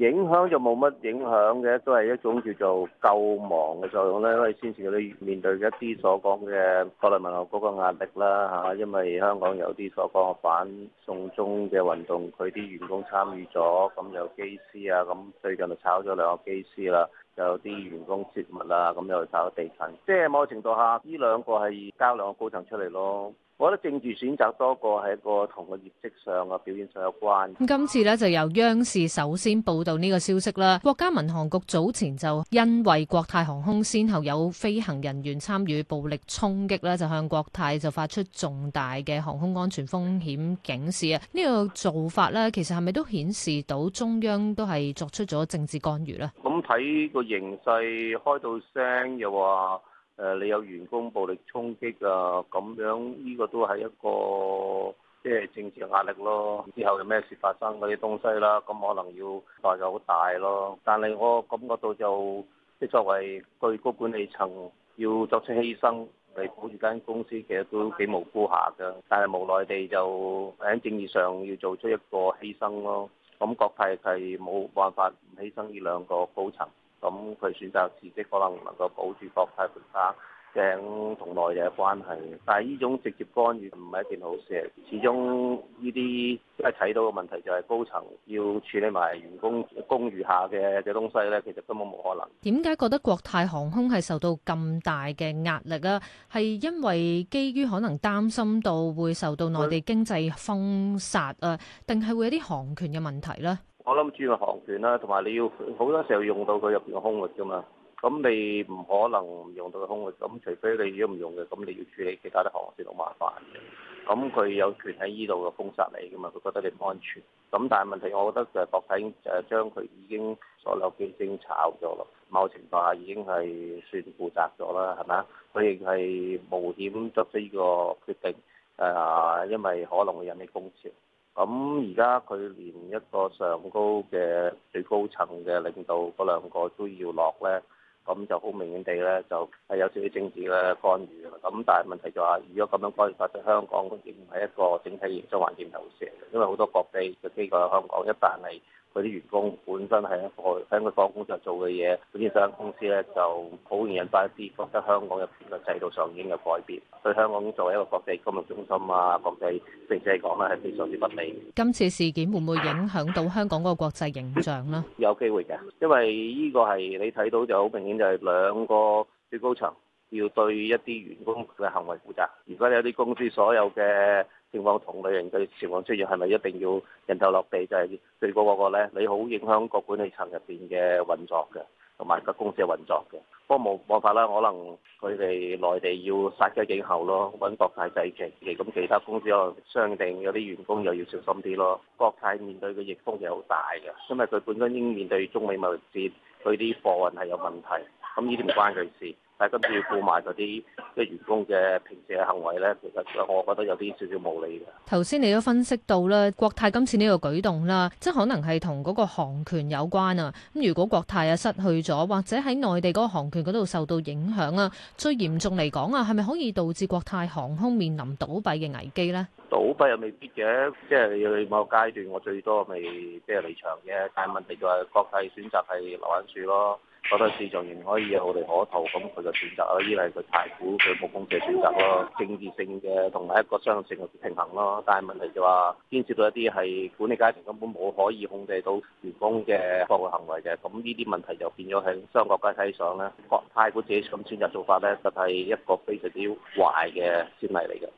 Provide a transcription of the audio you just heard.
影響就冇乜影響嘅，都係一種叫做救亡嘅作用咧。因為先前你面對一啲所講嘅國內民航局嗰個壓力啦，嚇，因為香港有啲所講嘅反送中嘅運動，佢啲員工參與咗，咁有機師啊，咁最近就炒咗兩個機師啦。有啲員工泄密啦，咁又去受地震，即係某程度下，呢兩個係交兩個高層出嚟咯。我覺得政治選擇多過係一個同個業績上啊表現上有關。今次咧就由央視首先報道呢個消息啦。國家民航局早前就因為國泰航空先後有飛行人員參與暴力衝擊咧，就向國泰就發出重大嘅航空安全風險警示啊。呢個做法咧，其實係咪都顯示到中央都係作出咗政治干預呢？咁睇個。形勢開到聲，又話誒你有員工暴力衝擊啊！咁樣呢、呢個都係一個即係、即係、政治嘅壓力咯。之後有咩事發生嗰啲東西啦，咁可能要代價好大咯。但係我感覺到就即作為最高管理層，要作出犧牲嚟保住間公司，其實都幾無辜下㗎。但係無奈地就喺政治上要做出一個犧牲咯。咁國泰係冇辦法唔犧牲呢兩個高層。咁佢選擇辭職，可能能夠保住國泰本身，誒同內地嘅關係。但係呢種直接干預唔係一件好事，始終呢啲一睇到嘅問題就係高層要處理埋員工公餘下嘅嘅東西咧，其實根本冇可能。點解覺得國泰航空係受到咁大嘅壓力啊？係因為基於可能擔心到會受到內地經濟封殺啊，定係它 會有啲航權嘅問題咧？我諗主要嘅航權啦，同埋你要好多時候用到佢入邊嘅空域㗎嘛，咁你唔可能唔用到個空域，咁除非你如果唔用嘅，咁你要處理其他啲航線好麻煩嘅，咁佢有權喺依度嘅封殺你㗎嘛，佢覺得你唔安全，咁但係問題，我覺得就誒博太已經誒將佢已經所有機師炒咗咯，某情況下已經係算負責咗啦，係咪啊？佢亦係冒險作出呢個決定，誒、呃，因為可能會引起風潮。咁而家佢連一個上高嘅最高層嘅領導嗰兩個都要落咧，咁、嗯、就好明顯地咧就係有少少政治嘅干預。咁、嗯、但係問題就係、是，如果咁樣干預，其實香港整唔係一個整體營商環境係好嘅，因為好多國際嘅機構喺香港一旦係。佢啲員工本身係一個喺佢方工作做嘅嘢，本身上公司咧就好容易引發一啲覺得香港入邊嘅制度上已經有改變，對香港作為一個國際金融中心啊、國際城市嚟講咧係非常之不利。今次事件會唔會影響到香港個國際形象呢？有機會嘅，因為呢個係你睇到就好明顯，就係兩個最高層要對一啲員工嘅行為負責。如果你有啲公司所有嘅……情況同類型嘅情況出現係咪一定要人頭落地就係、是、對個個咧？你好影響個管理層入邊嘅運作嘅，同埋個公司嘅運作嘅。不過冇冇法啦，可能佢哋內地要殺雞儆猴咯，揾國泰祭旗嘅咁，其他公司可能相定有啲員工又要小心啲咯。國泰面對嘅逆風係好大嘅，因為佢本身應面對中美貿易戰，佢啲貨運係有問題，咁呢啲唔關佢事。但係跟住顧埋嗰啲嘅員工嘅平時嘅行為咧，其實我覺得有啲少少無理嘅。頭先你都分析到啦，國泰今次呢個舉動啦，即係可能係同嗰個航權有關啊。咁如果國泰啊失去咗，或者喺內地嗰個航權嗰度受到影響啊，最嚴重嚟講啊，係咪可以導致國泰航空面臨倒閉嘅危機咧？倒閉又未必嘅，即係你某個階段我最多未，即係離場嘅，但係問題就係國泰選擇係留喺處咯。覺得市場仍然可以有利可圖，咁佢就選擇咯，依賴佢財富，佢冇控制選擇咯，政治性嘅同埋一個商業性嘅平衡咯。但係問題就話，牽涉到一啲係管理階層根本冇可以控制到員工嘅惡劣行為嘅，咁呢啲問題就變咗喺商國家體上咧，國泰自己咁選擇做法咧，就係一個非常之壞嘅先例嚟嘅。